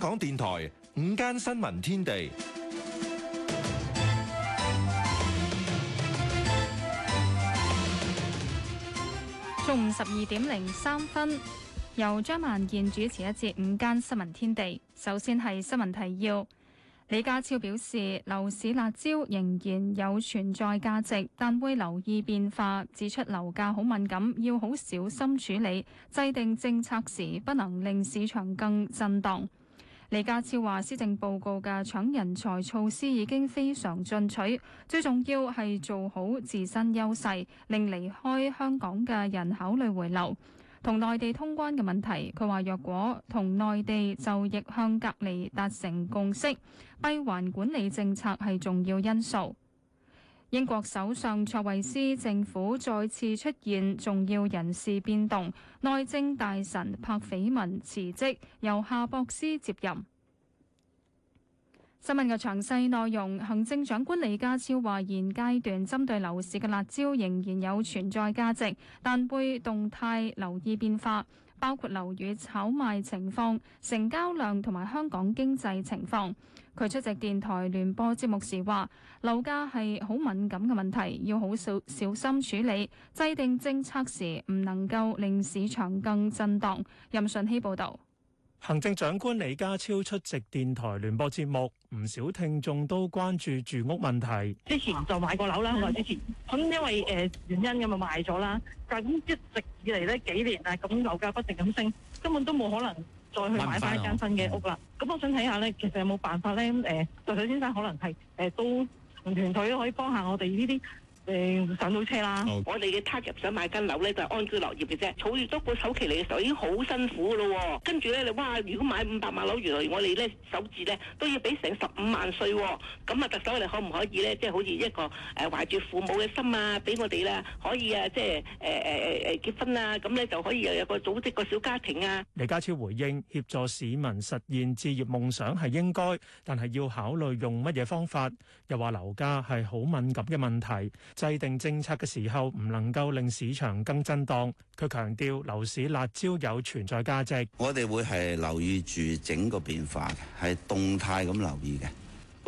香港電台午間新聞天地，中午十二點零三分由張萬健主持一節午間新聞天地。首先係新聞提要，李家超表示樓市辣招仍然有存在價值，但會留意變化，指出樓價好敏感，要好小心處理，制定政策時不能令市場更震盪。李家超話：施政報告嘅搶人才措施已經非常進取，最重要係做好自身優勢，令離開香港嘅人考慮回流。同內地通關嘅問題，佢話若果同內地就逆向隔離達成共識，閉環管理政策係重要因素。英國首相卓慧思政府再次出現重要人事變動，內政大臣帕斐文辭職，由夏博斯接任。新聞嘅詳細內容，行政長官李家超話：現階段針對樓市嘅辣招仍然有存在價值，但會動態留意變化。包括樓宇炒賣情況、成交量同埋香港經濟情況。佢出席電台聯播節目時話：樓價係好敏感嘅問題，要好小小心處理，制定政策時唔能夠令市場更震盪。任信希報導。行政長官李家超出席電台聯播節目。唔少聽眾都關注住屋問題。之前就買過樓啦，咁啊之前，咁因為誒原因咁啊賣咗啦。但係咁一直以嚟咧幾年啊，咁樓價不停咁升，根本都冇可能再去買翻一間新嘅屋啦。咁我想睇下咧，其實有冇辦法咧？誒，徐水先生可能係誒都同團隊都可以幫下我哋呢啲。誒，上到車啦！我哋嘅 target 想買間樓咧，就係安居樂業嘅啫。儲越多個首期嚟嘅時候已經好辛苦噶咯喎，跟住咧你哇！如果買五百萬樓，原來我哋咧首次咧都要俾成十五萬稅喎。咁啊，特首你可唔可以咧，即係好似一個誒懷住父母嘅心啊，俾我哋咧可以啊，即係誒誒誒結婚啊，咁咧就可以又有個組織個小家庭啊。李家超回應協助市民實現置業夢想係應該，但係要考慮用乜嘢方法。又話樓價係好敏感嘅問題。制定政策嘅時候唔能夠令市場更震盪，佢強調樓市辣招有存在價值。我哋會係留意住整個變化嘅，係動態咁留意嘅。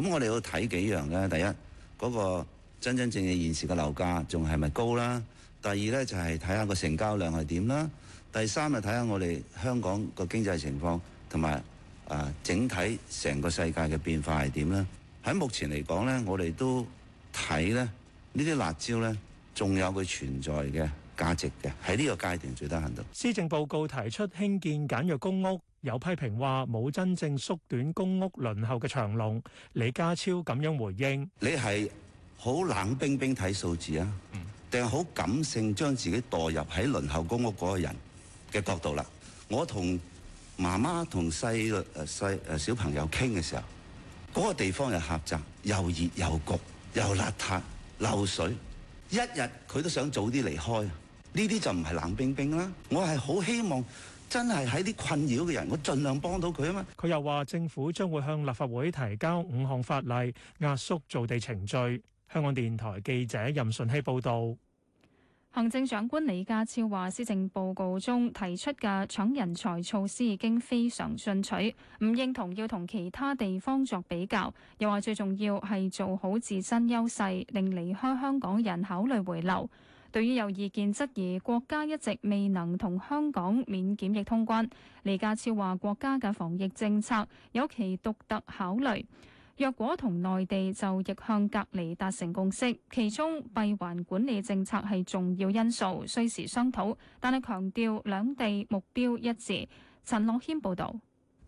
咁我哋要睇幾樣咧。第一，嗰個真真正正現時嘅樓價仲係咪高啦？第二咧就係睇下個成交量係點啦。第三就睇下我哋香港個經濟情況同埋啊，整體成個世界嘅變化係點啦。喺目前嚟講咧，我哋都睇咧。呢啲辣椒咧，仲有佢存在嘅價值嘅，喺呢個階段最得閒到。施政報告提出興建簡約公屋，有批評話冇真正縮短公屋輪候嘅長龍。李家超咁樣回應：「你係好冷冰冰睇數字啊，定係好感性將自己墮入喺輪候公屋嗰個人嘅角度啦？我同媽媽同細細小朋友傾嘅時候，嗰、嗰個地方又狹窄，又熱又焗又邋遢。漏水，一日佢都想早啲離開。呢啲就唔係冷冰冰啦。我係好希望真係喺啲困擾嘅人，我盡量幫到佢啊嘛。佢又話政府將會向立法會提交五項法例，壓縮造地程序。香港電台記者任順熙報道。行政長官李家超話，施政報告中提出嘅搶人才措施已經非常進取，唔認同要同其他地方作比較。又話最重要係做好自身優勢，令離開香港人考慮回流。對於有意見質疑國家一直未能同香港免檢疫通關，李家超話國家嘅防疫政策有其獨特考慮。若果同內地就逆向隔離達成共識，其中閉環管理政策係重要因素，需時商討。但係強調兩地目標一致。陳樂軒報導。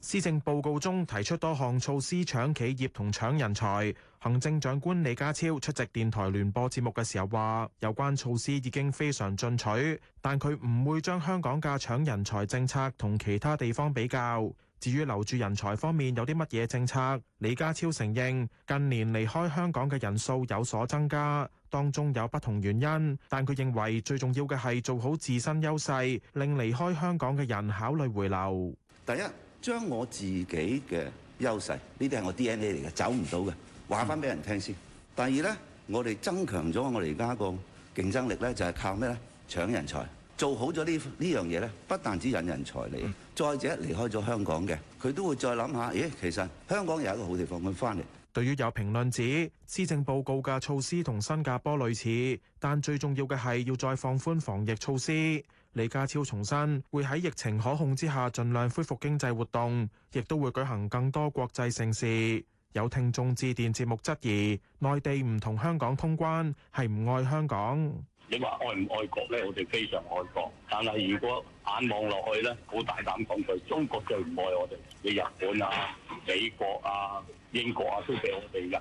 施政報告中提出多項措施搶企業同搶人才。行政長官李家超出席電台聯播節目嘅時候話：有關措施已經非常進取，但佢唔會將香港嘅搶人才政策同其他地方比較。至於留住人才方面有啲乜嘢政策？李家超承認近年離開香港嘅人數有所增加，當中有不同原因，但佢認為最重要嘅係做好自身優勢，令離開香港嘅人考慮回流。第一，將我自己嘅優勢，呢啲係我 DNA 嚟嘅，走唔到嘅，話返畀人聽先。第二咧，我哋增強咗我哋而家個競爭力咧，就係靠咩咧？搶人才。做好咗呢呢樣嘢咧，不但止引人才嚟，再者離開咗香港嘅，佢都會再諗下，咦、哎，其實香港有一個好地方，佢翻嚟。對於有評論指施政報告嘅措施同新加坡類似，但最重要嘅係要再放寬防疫措施。李家超重申會喺疫情可控之下，盡量恢復經濟活動，亦都會舉行更多國際盛事。有聽眾致電節目質疑，內地唔同香港通關，係唔愛香港。你話愛唔愛國咧？我哋非常愛國，但係如果眼望落去咧，好大膽講句，中國最唔愛我哋，你日本啊、美國啊、英國啊，都俾我哋日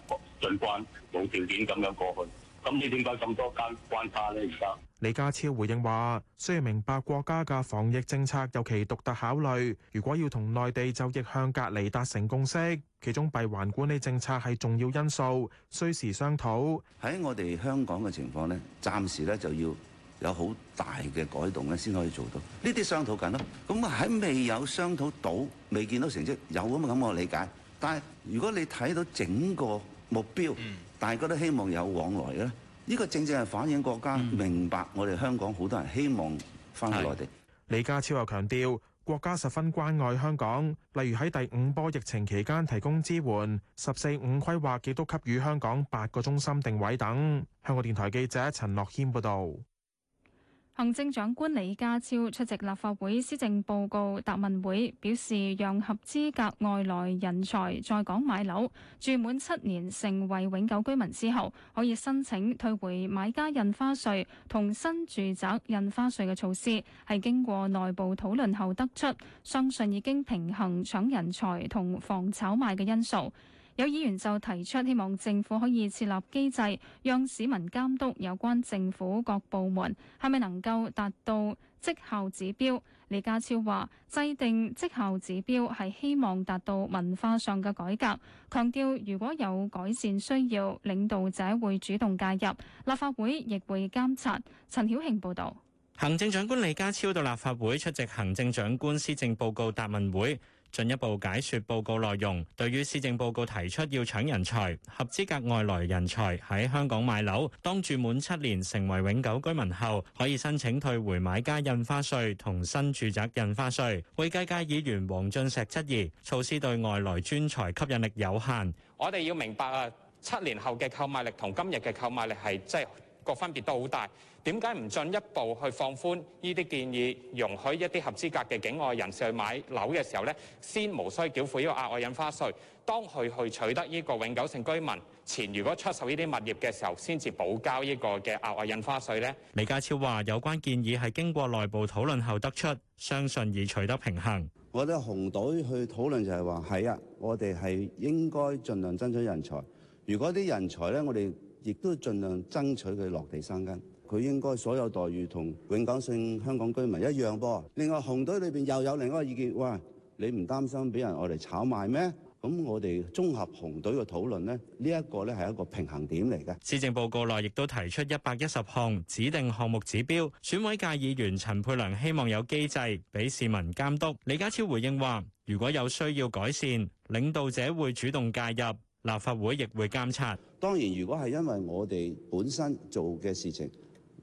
入關，冇條件咁樣過去。咁你點解咁多間關卡咧？而家李家超回應話，需要明白國家嘅防疫政策有其獨特考慮，如果要同內地就逆向隔離達成共識，其中閉環管理政策係重要因素，需時商討。喺我哋香港嘅情況咧，暫時咧就要有好大嘅改動咧，先可以做到。呢啲商討緊咯。咁喺未有商討到、未見到成績有咁，咁我理解，但係如果你睇到整個，目標，大家都希望有往來嘅，呢、這個正正係反映國家、嗯、明白我哋香港好多人希望翻去內地。是李家超又強調，國家十分關愛香港，例如喺第五波疫情期間提供支援，十四五規劃亦都給予香港八個中心定位等。香港電台記者陳樂軒報導。行政長官李家超出席立法會施政報告答問會，表示讓合資格外來人才在港買樓，住滿七年成為永久居民之後，可以申請退回買家印花稅同新住宅印花稅嘅措施，係經過內部討論後得出，相信已經平衡搶人才同防炒賣嘅因素。有議員就提出希望政府可以設立機制，讓市民監督有關政府各部門係咪能夠達到績效指標。李家超話：制定績效指標係希望達到文化上嘅改革，強調如果有改善需要，領導者會主動介入，立法會亦會監察。陳曉慶報導。行政長官李家超到立法會出席行政長官施政報告答問會。進一步解説報告內容，對於施政報告提出要搶人才，合資格外來人才喺香港買樓，當住滿七年成為永久居民後，可以申請退回買家印花稅同新住宅印花稅。會計界議員黃俊碩質疑，措施對外來專才吸引力有限。我哋要明白啊，七年後嘅購買力同今日嘅購買力係即係，個分別都好大，點解唔進一步去放寬呢啲建議，容許一啲合資格嘅境外人士去買樓嘅時候咧，先無需繳付呢個額外印花稅，當佢去取得呢個永久性居民前，如果出售呢啲物業嘅時候，先至補交呢個嘅額外印花稅咧？李家超話：有關建議係經過內部討論後得出，相信已取得平衡。我覺得紅隊去討論就係話係啊，我哋係應該儘量爭取人才。如果啲人才咧，我哋亦都盡量爭取佢落地生根，佢應該所有待遇同永久性香港居民一樣噃。另外紅隊裏邊又有另一個意見，哇！你唔擔心俾人我哋炒賣咩？咁我哋綜合紅隊嘅討論呢，呢一個呢係一個平衡點嚟嘅。施政報告內亦都提出一百一十項指定項目指標，選委界議員陳佩良希望有機制俾市民監督。李家超回應話：如果有需要改善，領導者會主動介入，立法會亦會監察。當然，如果係因為我哋本身做嘅事情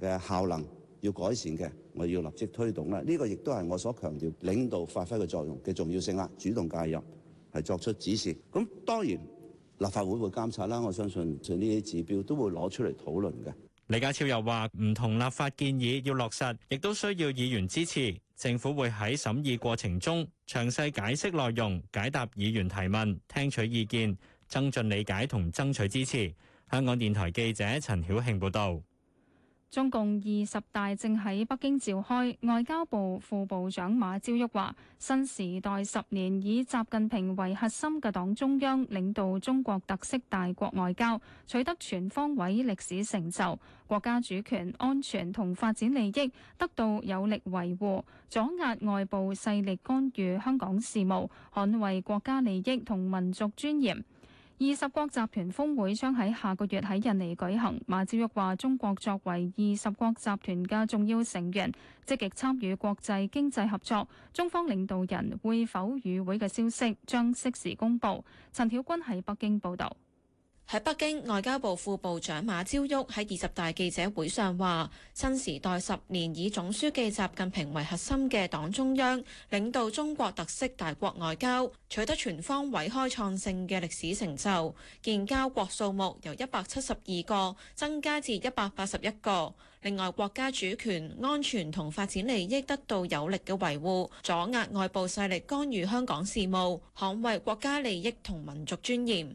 嘅效能要改善嘅，我要立即推動啦。呢個亦都係我所強調領導發揮嘅作用嘅重要性啦，主動介入係作出指示。咁當然立法會會監察啦，我相信就呢啲指標都會攞出嚟討論嘅。李家超又話：唔同立法建議要落實，亦都需要議員支持。政府會喺審議過程中詳細解釋內容，解答議員提問，聽取意見。增進理解同爭取支持。香港電台記者陳曉慶報道，中共二十大正喺北京召開。外交部副部長馬朝旭話，新時代十年以習近平為核心嘅黨中央領導中國特色大國外交，取得全方位歷史成就，國家主權、安全同發展利益得到有力維護，阻壓外部勢力干預香港事務，捍衛國家利益同民族尊嚴。二十國集團峰會將喺下個月喺印尼舉行。馬朝旭話：中國作為二十國集團嘅重要成員，積極參與國際經濟合作。中方領導人會否與會嘅消息將適時公佈。陳曉君喺北京報導。喺北京，外交部副部長馬朝旭喺二十大記者會上話，新時代十年以總書記習近平為核心嘅黨中央領導中國特色大國外交，取得全方位開創性嘅歷史成就，建交國數目由一百七十二個增加至一百八十一個，另外，國家主權安全同發展利益得到有力嘅維護，阻遏外部勢力干預香港事務，捍衛國家利益同民族尊嚴。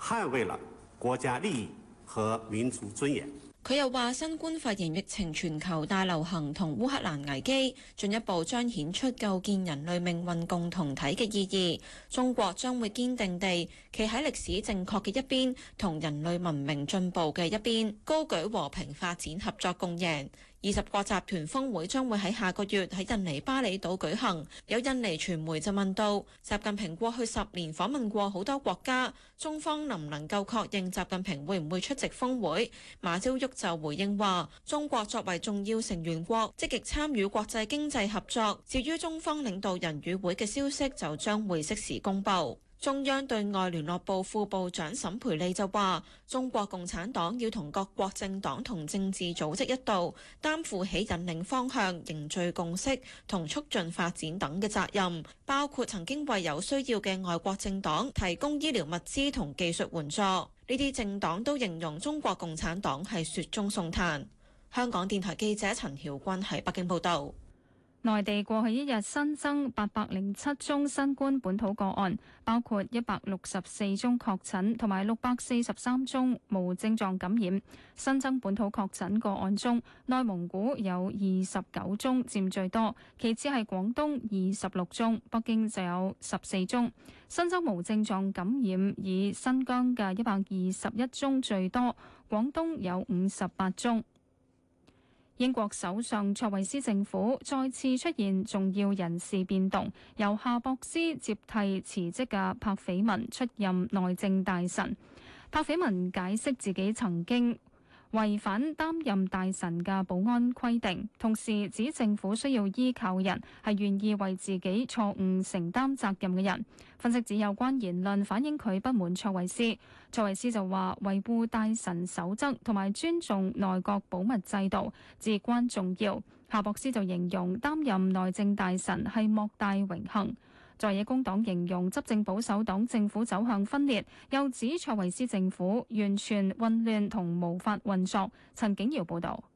捍衛了國家利益和民族尊嚴。佢又話：新冠肺炎疫情全球大流行同烏克蘭危機，進一步彰顯出構建人類命運共同體嘅意義。中國將會堅定地企喺歷史正確嘅一邊，同人類文明進步嘅一邊，高舉和平發展、合作共贏。二十國集團峰會將會喺下個月喺印尼巴厘島舉行，有印尼傳媒就問到，習近平過去十年訪問過好多國家，中方能唔能夠確認習近平會唔會出席峰會？馬朝旭就回應話，中國作為重要成員國，積極參與國際經濟合作。至於中方領導人與會嘅消息，就將會適時公佈。中央對外聯絡部副部長沈培利就話：中國共產黨要同各國政黨同政治組織一道，擔負起引領方向、凝聚共識同促進發展等嘅責任，包括曾經為有需要嘅外國政黨提供醫療物資同技術援助。呢啲政黨都形容中國共產黨係雪中送炭。香港電台記者陳曉君喺北京報導。內地過去一日新增八百零七宗新冠本土個案，包括一百六十四宗確診同埋六百四十三宗無症狀感染。新增本土確診個案中，內蒙古有二十九宗佔最多，其次係廣東二十六宗，北京就有十四宗。新增無症狀感染以新疆嘅一百二十一宗最多，廣東有五十八宗。英國首相卓慧思政府再次出現重要人事變動，由夏博斯接替辭職嘅柏斐文出任內政大臣。柏斐文解釋自己曾經違反擔任大臣嘅保安規定，同時指政府需要依靠人係願意為自己錯誤承擔責任嘅人。分析指有關言論反映佢不滿蔡維斯。蔡維斯就話維護大臣守則同埋尊重內閣保密制度至關重要。夏博斯就形容擔任內政大臣係莫大榮幸。在野工黨形容執政保守黨政府走向分裂，又指卓慧思政府完全混亂同無法運作。陳景耀報導。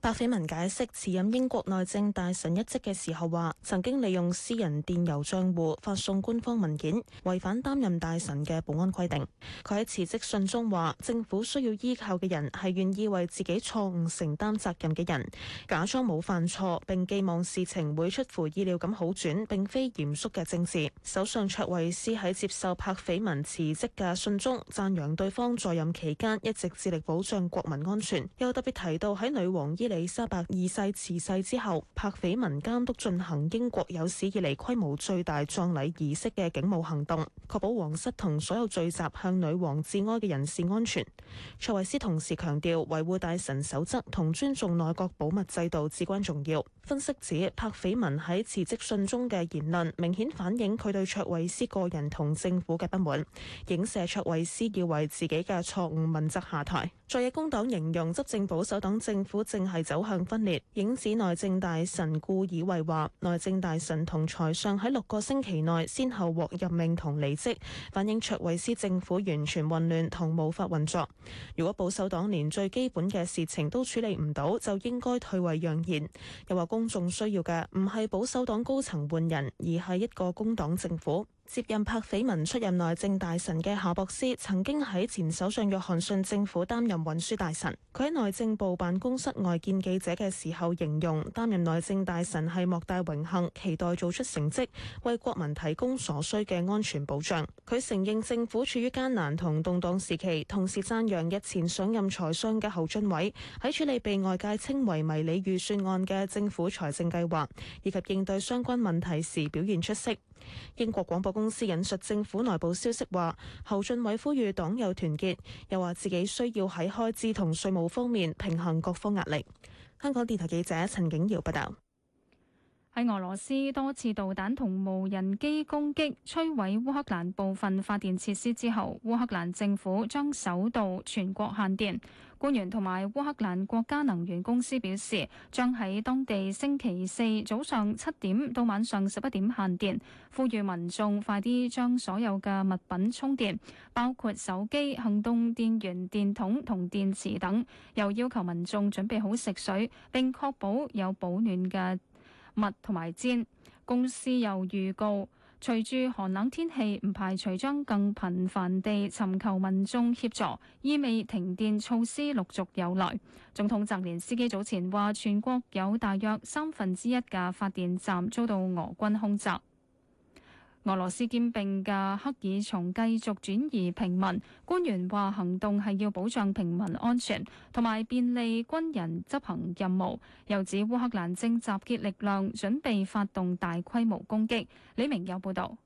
柏斐文解釋辭任英國內政大臣一職嘅時候話，曾經利用私人電郵賬戶發送官方文件，違反擔任大臣嘅保安規定。佢喺辭職信中話，政府需要依靠嘅人係願意為自己錯誤承擔責任嘅人，假裝冇犯錯，並寄望事情會出乎意料咁好轉，並非嚴肅嘅政治。首相卓慧思喺接受柏斐文辭職嘅信中讚揚對方在任期間一直致力保障國民安全，又特別提到喺女王伊利沙白二世辭世之後，柏斐文監督進行英國有史以嚟規模最大葬禮儀式嘅警務行動，確保皇室同所有聚集向女王致哀嘅人士安全。卓維斯同時強調，維護大臣守則同尊重內閣保密制度至關重要。分析指，柏斐文喺辭職信中嘅言論，明顯反映佢對卓維斯個人同政府嘅不滿，影射卓維斯要為自己嘅錯誤問責下台。在野工黨形容執政保守黨政府正係。走向分裂，影子內政大臣顧綺慧話，內政大臣同財相喺六個星期內，先後獲任命同離職，反映卓慧思政府完全混亂同無法運作。如果保守黨連最基本嘅事情都處理唔到，就應該退位讓賢，又話公眾需要嘅唔係保守黨高層換人，而係一個工黨政府。接任柏斐文出任內政大臣嘅夏博斯曾經喺前首相約翰遜政府擔任運輸大臣。佢喺內政部辦公室外見記者嘅時候，形容擔任內政大臣係莫大榮幸，期待做出成績，為國民提供所需嘅安全保障。佢承認政府處於艱難同動盪時期，同時讚揚日前上任財相嘅侯俊偉喺處理被外界稱為迷你預算案嘅政府財政計劃以及應對相關問題時表現出色。英國廣播公司引述政府內部消息話，侯俊偉呼籲黨友團結，又話自己需要喺開支同稅務方面平衡各方壓力。香港電台記者陳景堯報道。喺俄羅斯多次導彈同無人機攻擊摧毀烏克蘭部分發電設施之後，烏克蘭政府將首度全國限電。官員同埋烏克蘭國家能源公司表示，將喺當地星期四早上七點到晚上十一點限電，呼籲民眾快啲將所有嘅物品充電，包括手機、行動電源、電筒同電池等，又要求民眾準備好食水，並確保有保暖嘅物同埋尖公司又預告，隨住寒冷天氣，唔排除將更頻繁地尋求民眾協助，意味停電措施陸續有來。總統澤連斯基早前話，全國有大約三分之一嘅發電站遭到俄軍空襲。俄羅斯兼並嘅克爾松繼續轉移平民，官員話行動係要保障平民安全同埋便利軍人執行任務。又指烏克蘭正集結力量準備發動大規模攻擊。李明有報導，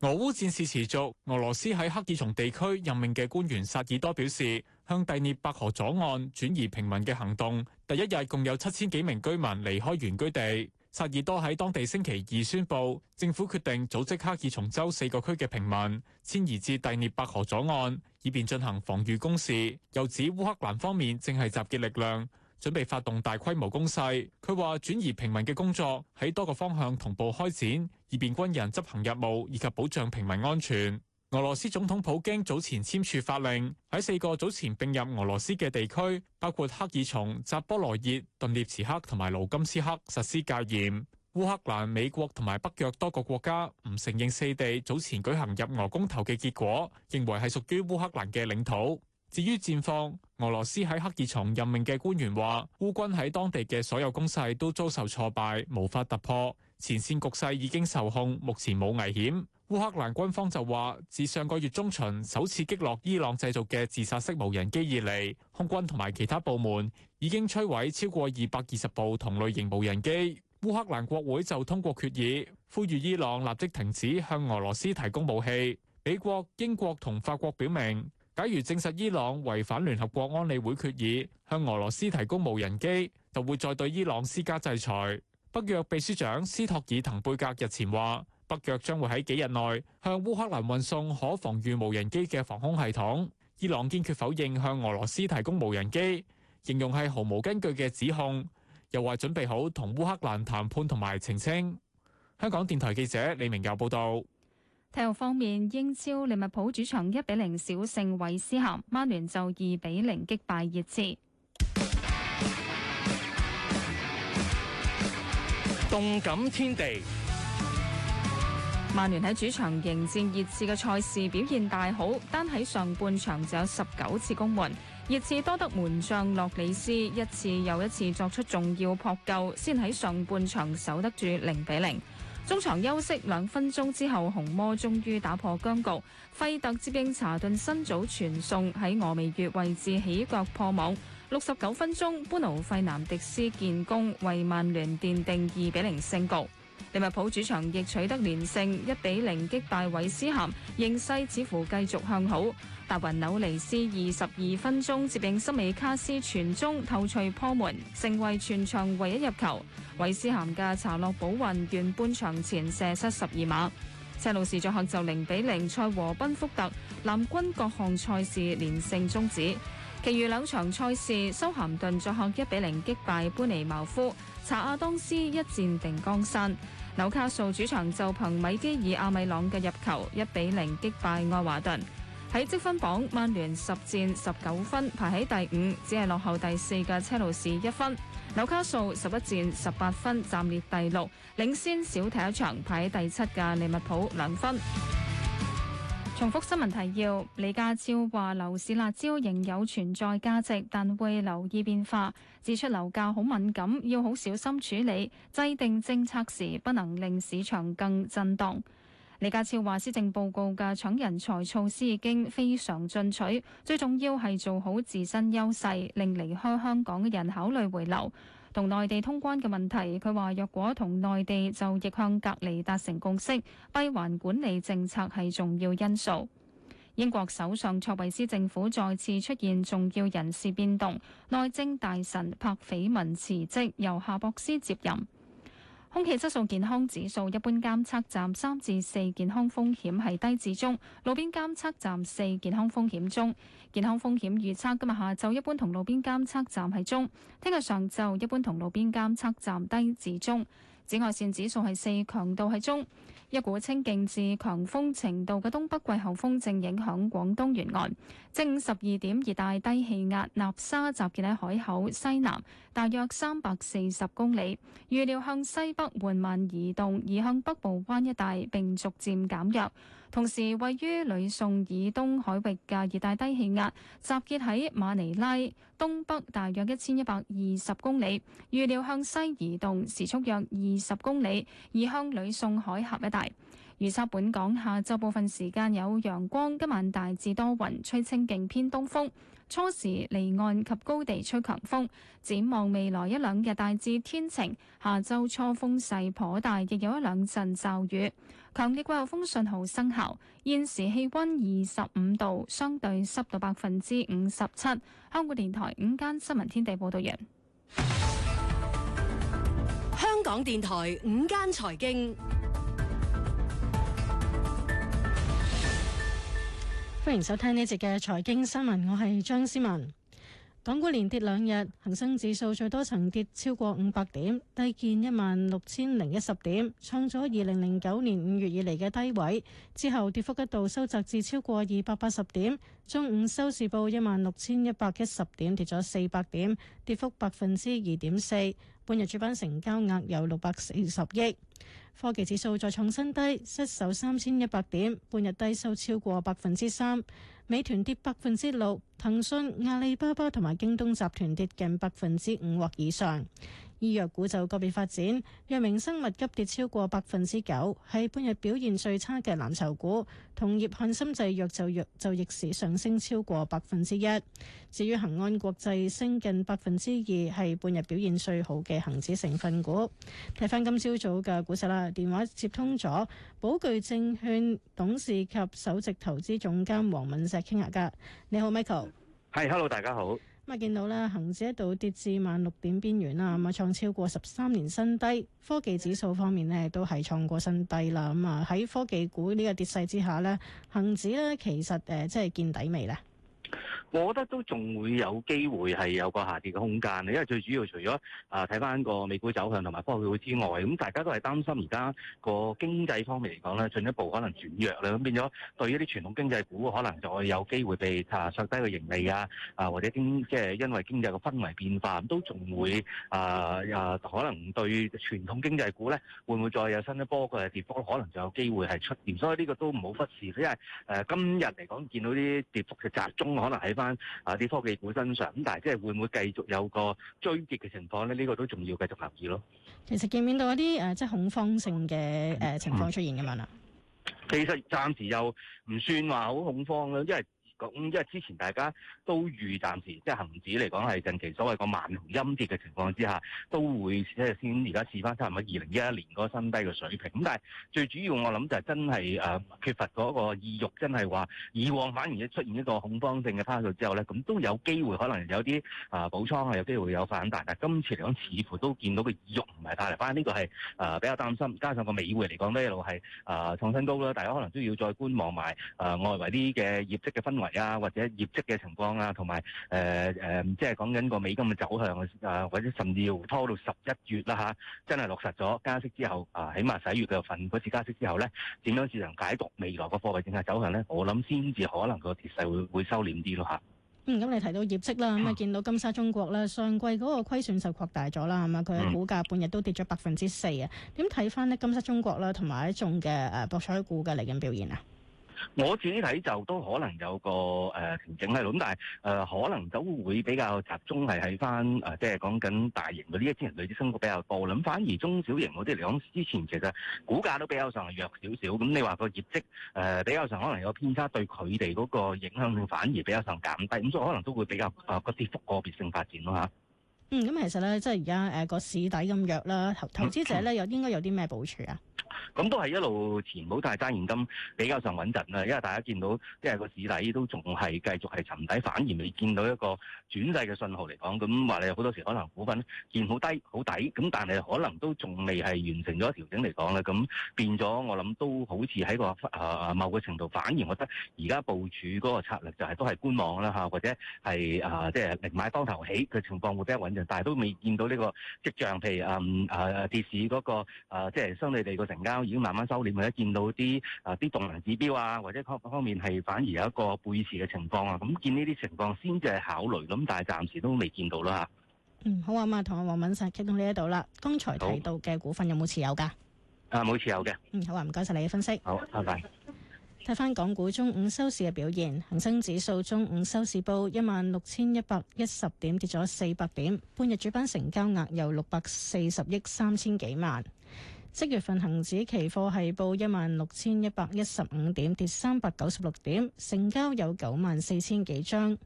俄烏戰事持續。俄羅斯喺克爾松地區任命嘅官員薩爾多表示，向第聶伯河左岸轉移平民嘅行動，第一日共有七千幾名居民離開原居地。薩爾多喺當地星期二宣布，政府決定組織克爾松州四個區嘅平民遷移至第聶伯河左岸，以便進行防禦工事。又指烏克蘭方面正係集結力量，準備發動大規模攻勢。佢話轉移平民嘅工作喺多個方向同步開展，以便軍人執行任務以及保障平民安全。俄羅斯總統普京早前簽署法令，喺四個早前併入俄羅斯嘅地區，包括克爾松、扎波羅熱、頓涅茨克同埋盧甘斯克實施戒嚴。烏克蘭、美國同埋北約多個國家唔承認四地早前舉行入俄公投嘅結果，認為係屬於烏克蘭嘅領土。至於戰況，俄羅斯喺克爾松任命嘅官員話，烏軍喺當地嘅所有攻勢都遭受挫敗，無法突破。前線局勢已經受控，目前冇危險。烏克蘭軍方就話，自上個月中旬首次擊落伊朗製造嘅自殺式無人機以嚟，空軍同埋其他部門已經摧毀超過二百二十部同類型無人機。烏克蘭國會就通過決議，呼籲伊朗立即停止向俄羅斯提供武器。美國、英國同法國表明，假如證實伊朗違反聯合國安理會決議，向俄羅斯提供無人機，就會再對伊朗施加制裁。北約秘書長斯托爾滕貝格日前話，北約將會喺幾日內向烏克蘭運送可防禦無人機嘅防空系統。伊朗堅決否認向俄羅斯提供無人機，形容係毫無根據嘅指控，又話準備好同烏克蘭談判同埋澄清。香港電台記者李明佑報道。體育方面，英超利物浦主場一比零小勝韋斯咸，曼聯就二比零擊敗熱刺。動感天地，曼聯喺主場迎戰熱刺嘅賽事表現大好，單喺上半場就有十九次攻門，熱刺多得門將洛里斯一次又一次作出重要撲救，先喺上半場守得住零比零。中場休息兩分鐘之後，紅魔終於打破僵局，費特接應查頓新早傳送喺峨眉月位置起腳破網。六十九分鐘，般奴費南迪斯建功，為曼聯奠定二比零勝局。利物浦主場亦取得連勝，一比零擊敗韋斯咸，應勢似乎繼續向好。達雲紐尼斯二十二分鐘接應森美卡斯傳中，頭鎚破門，成為全場唯一入球。韋斯咸嘅查洛保雲完半場前射失十二碼。車路士作客就零比零賽和賓福特，藍軍各項賽事連勝終止。其餘兩場賽事，修咸頓作客一比零擊敗般尼茅夫，查亞當斯一戰定江山。紐卡素主場就憑米基爾、亞米朗嘅入球，一比零擊敗愛華頓。喺積分榜，曼聯十戰十九分，排喺第五，只係落後第四嘅車路士一分。紐卡素十一戰十八分，暫列第六，領先少踢一場排喺第七嘅利物浦兩分。重複新聞提要。李家超話：樓市辣招仍有存在價值，但會留意變化。指出樓價好敏感，要好小心處理。制定政策時不能令市場更震盪。李家超話：施政報告嘅搶人才措施已經非常進取，最重要係做好自身優勢，令離開香港嘅人考慮回流。同內地通關嘅問題，佢話若果同內地就逆向隔離達成共識，閉環管理政策係重要因素。英國首相卓慧思政府再次出現重要人事變動，內政大臣柏斐文辭職，由夏博斯接任。空氣質素健康指數一般監測站三至四，健康風險係低至中，路邊監測站四，健康風險中，健康風險預測今日下晝一般同路邊監測站係中，聽日上晝一般同路邊監測站低至中，紫外線指數係四，強度係中。一股清勁至強風程度嘅東北季候風正影響廣東沿岸。正午十二點，熱帶低氣壓納沙集結喺海口西南，大約三百四十公里，預料向西北緩慢移動，移向北部灣一帶，並逐漸減弱。同時，位於呂宋以東海域嘅熱帶低氣壓集結喺馬尼拉東北，大約一千一百二十公里，預料向西移動，時速約二十公里，移向呂宋海峽一帶。預測本港下晝部分時間有陽光，今晚大致多雲，吹清勁偏東風。初時離岸及高地吹強風，展望未來一兩日大致天晴，下周初風勢頗大，亦有一兩陣驟雨。強烈季候風信號生效，現時氣温二十五度，相對濕度百分之五十七。香港電台午間新聞天地報道完。香港電台午間財經。歡迎收聽呢一節嘅財經新聞，我係張思文。港股連跌兩日，恒生指數最多曾跌超過五百點，低見一萬六千零一十點，創咗二零零九年五月以嚟嘅低位。之後跌幅一度收窄至超過二百八十點，中午收市報一萬六千一百一十點，跌咗四百點，跌幅百分之二點四。半日主板成交額有六百四十億，科技指數再創新低，失守三千一百點，半日低收超過百分之三，美團跌百分之六，騰訊、阿里巴巴同埋京東集團跌近百分之五或以上。醫藥股就個別發展，藥明生物急跌超過百分之九，係半日表現最差嘅藍籌股。同業翰森製藥就藥就逆市上升超過百分之一。至於恒安國際升近百分之二，係半日表現最好嘅恒指成分股。睇翻今朝早嘅股市啦，電話接通咗，寶钜證券董事及首席投資總監黃敏石傾下架。你好，Michael。係，Hello，大家好。咁啊，見到咧，恆指一度跌至萬六點邊緣啦，咁啊，創超過十三年新低。科技指數方面呢，都係創過新低啦。咁、嗯、啊，喺科技股呢個跌勢之下呢，恒指呢，其實誒，真、呃、係見底未咧？我覺得都仲會有機會係有個下跌嘅空間，因為最主要除咗啊睇翻個美股走向同埋科技股之外，咁、嗯、大家都係擔心而家個經濟方面嚟講咧，進一步可能轉弱啦，咁變咗對於啲傳統經濟股可能就有機會被啊削低個盈利啊，啊或者經即係因為經濟個氛圍變化，都仲會啊啊、呃、可能對傳統經濟股咧會唔會再有新一波嘅跌幅，可能就有機會係出現，所以呢個都唔好忽視，因為誒今日嚟講見到啲跌幅嘅集中，可能喺。翻啊，啲科技股身上咁，但，呃、係即係會唔會繼續有個追跌嘅情況咧？呢個都仲要繼續留意咯。其實見唔見到一啲誒，即係恐慌性嘅誒情況出現咁樣啊？其實暫時又唔算話好恐慌咯，因為咁，因為之前大家。都預暫時即係恆指嚟講係近期所謂個萬紅陰跌嘅情況之下，都會即係先而家試翻差唔多二零一一年嗰個新低嘅水平。咁但係最主要我諗就係真係誒、呃、缺乏嗰個意欲，真係話以往反而出現一個恐慌性嘅拋售之後咧，咁都有機會可能有啲誒、呃、補倉係有機會有反彈。但係今次嚟講，似乎都見到個意欲唔係大嚟，反而呢個係誒、呃、比較擔心。加上個美匯嚟講呢一路係誒、呃、創新高啦，大家可能都要再觀望埋誒、呃呃、外圍啲嘅業績嘅氛圍啊，或者業績嘅情況。啊，同埋誒誒，即係講緊個美金嘅走向啊，或者甚至要拖到十一月啦嚇，真係落實咗加息之後啊，起碼十一月嘅份嗰次加息之後咧，點樣才能解讀未來個貨幣政策走向咧？我諗先至可能個跌勢會會收斂啲咯嚇。嗯，咁你提到業績啦，咁啊見到金沙中國啦，上季嗰個虧損就擴大咗啦，係嘛？佢嘅股價半日都跌咗百分之四啊。點睇翻咧？金沙中國啦，同埋一眾嘅誒博彩股嘅嚟緊表現啊？我自己睇就都可能有個誒調整喺度，咁、呃、但係誒、呃、可能都會比較集中係喺翻誒，即係講緊大型嗰啲一啲人類資生個比較多，咁反而中小型嗰啲嚟講，之前其實股價都比較上弱少少，咁你話個業績誒、呃、比較上可能有偏差，對佢哋嗰個影響反而比較上減低，咁所以可能都會比較誒個、呃、跌幅個別性發展咯吓、嗯，嗯，咁、嗯、其實咧，即係而家誒個市底咁弱啦，投投資者咧有應該有啲咩部署啊？嗯咁都係一路前好大揸現金，比較上穩陣啦。因為大家見到即係個市底都仲係繼續係沉底，反而未見到一個轉勢嘅信號嚟講。咁話你好多時可能股份見好低，好底，咁但係可能都仲未係完成咗調整嚟講咧。咁變咗我諗都好似喺個啊某個程度，反而我覺得而家部署嗰個策略就係都係觀望啦嚇，或者係啊、呃、即係力買當頭起嘅情況會比較穩陣，但係都未見到呢個跡象。譬如嗯啊、呃、跌市嗰、嗰個、呃、即係相對地個成。已經慢慢收斂，或者見到啲啊啲動能指標啊，或者各方面係反而有一個背馳嘅情況啊。咁見呢啲情況先至係考慮，咁但係暫時都未見到啦。嚇，嗯，好啊，咁啊，同阿黃敏生傾到呢一度啦。剛才提到嘅股份有冇持有㗎？啊，冇持有嘅。嗯，好啊，唔該晒你嘅分析。好，拜拜。睇翻港股中午收市嘅表現，恒生指數中午收市報一萬六千一百一十點，跌咗四百點。半日主板成交額由六百四十億三千幾萬。即月份恒指期貨係報一萬六千一百一十五點，跌三百九十六點，成交有九萬四千幾張。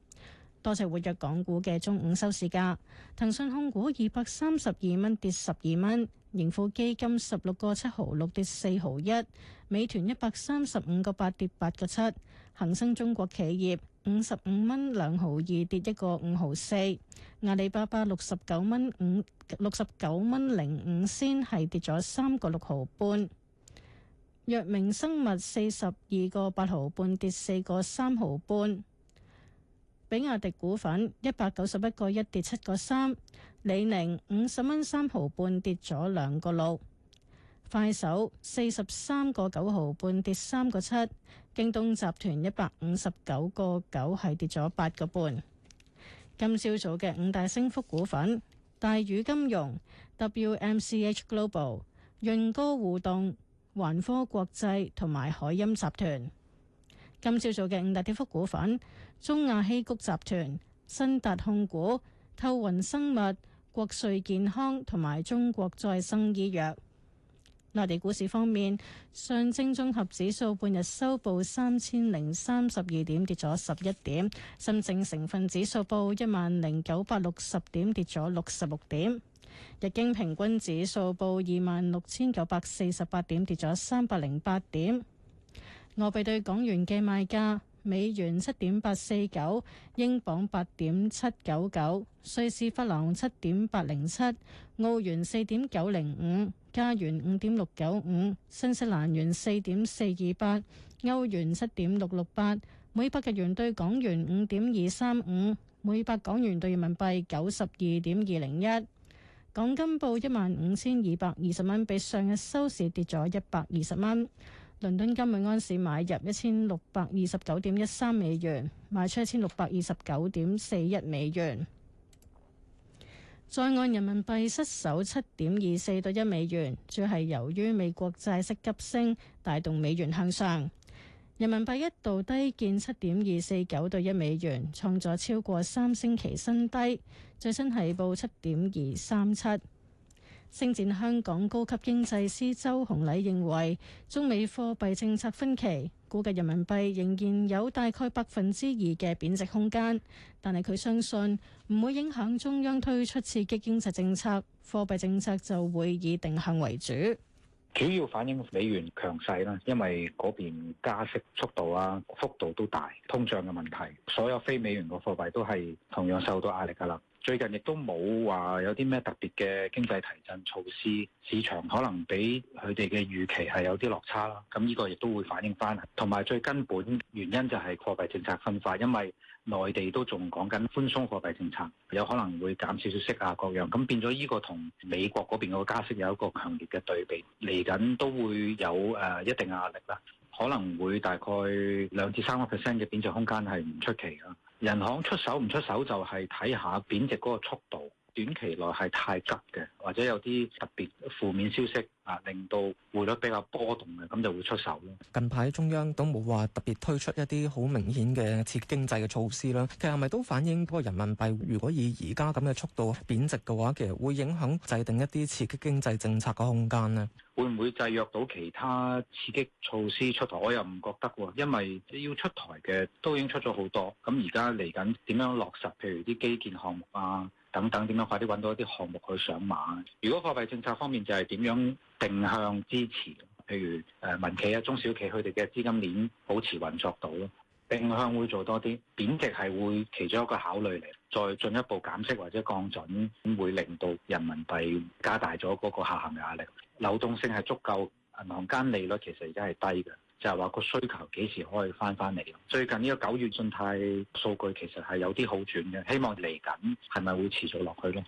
多隻活躍港股嘅中午收市價，騰訊控股二百三十二蚊跌十二蚊，盈富基金十六個七毫六跌四毫一，美團一百三十五個八跌八個七。恒生中國企業五十五蚊兩毫二跌一個五毫四，阿里巴巴六十九蚊五六十九蚊零五仙係跌咗三個六毫半，藥明生物四十二個八毫半跌四個三毫半，比亞迪股份一百九十一個一跌七個三，李寧五十蚊三毫半跌咗兩個六。快手四十三個九毫半跌三個七，京東集團一百五十九個九係跌咗八個半。今朝早嘅五大升幅股份：大宇金融、W M C H Global、潤歌互動、環科國際同埋海音集團。今朝早嘅五大跌幅股份：中亞希谷集團、新達控股、透雲生物、國瑞健康同埋中國再生醫藥。內地股市方面，上證綜合指數半日收報三千零三十二點，跌咗十一點；深證成分指數報一萬零九百六十點，跌咗六十六點；日經平均指數報二萬六千九百四十八點，跌咗三百零八點。外幣對港元嘅賣價。美元七點八四九，英鎊八點七九九，瑞士法郎七點八零七，澳元四點九零五，加元五點六九五，新西蘭元四點四二八，歐元七點六六八，每百日元兌港元五點二三五，每百港元兌人民幣九十二點二零一。港金報一萬五千二百二十蚊，比上日收市跌咗一百二十蚊。倫敦金每盎司買入一千六百二十九點一三美元，賣出一千六百二十九點四一美元。在岸人民幣失守七點二四對一美元，主要係由於美國債息急升帶動美元向上。人民幣一度低見七點二四九對一美元，創咗超過三星期新低，最新係報七點二三七。星展香港高級經濟師周紅禮認為，中美貨幣政策分歧，估計人民幣仍然有大概百分之二嘅貶值空間，但係佢相信唔會影響中央推出刺激經濟政策，貨幣政策就會以定向為主。主要反映美元強勢啦，因為嗰邊加息速度啊、幅度都大，通脹嘅問題，所有非美元嘅貨幣都係同樣受到壓力㗎喇。最近亦都冇話有啲咩特別嘅經濟提振措施，市場可能比佢哋嘅預期係有啲落差啦。咁呢個亦都會反映翻，同埋最根本原因就係貨幣政策分化，因為內地都仲講緊寬鬆貨幣政策，有可能會減少少息啊各樣。咁變咗呢個同美國嗰邊個加息有一個強烈嘅對比，嚟緊都會有誒一定壓力啦，可能會大概兩至三個 percent 嘅變動空間係唔出奇啦。人行出手唔出手就係睇下貶值嗰個速度。短期內係太急嘅，或者有啲特別負面消息啊，令到匯率比較波動嘅，咁就會出手咯。近排中央都冇話特別推出一啲好明顯嘅刺激經濟嘅措施啦。其實係咪都反映嗰人民幣，如果以而家咁嘅速度貶值嘅話，其實會影響制定一啲刺激經濟政策嘅空間呢？會唔會制約到其他刺激措施出台？我又唔覺得喎，因為要出台嘅都已經出咗好多。咁而家嚟緊點樣落實？譬如啲基建項目啊。等等點樣快啲揾到一啲項目去上馬？如果貨幣政策方面就係點樣定向支持，譬如誒民企啊、中小企佢哋嘅資金鏈保持運作到咯，定向會做多啲。貶值係會其中一個考慮嚟，再進一步減息或者降準，會令到人民幣加大咗嗰個下行嘅壓力。流動性係足夠，銀行間利率其實而家係低嘅。就係話個需求幾時可以翻翻嚟？最近呢個九月信貸數據其實係有啲好轉嘅，希望嚟緊係咪會持續落去呢？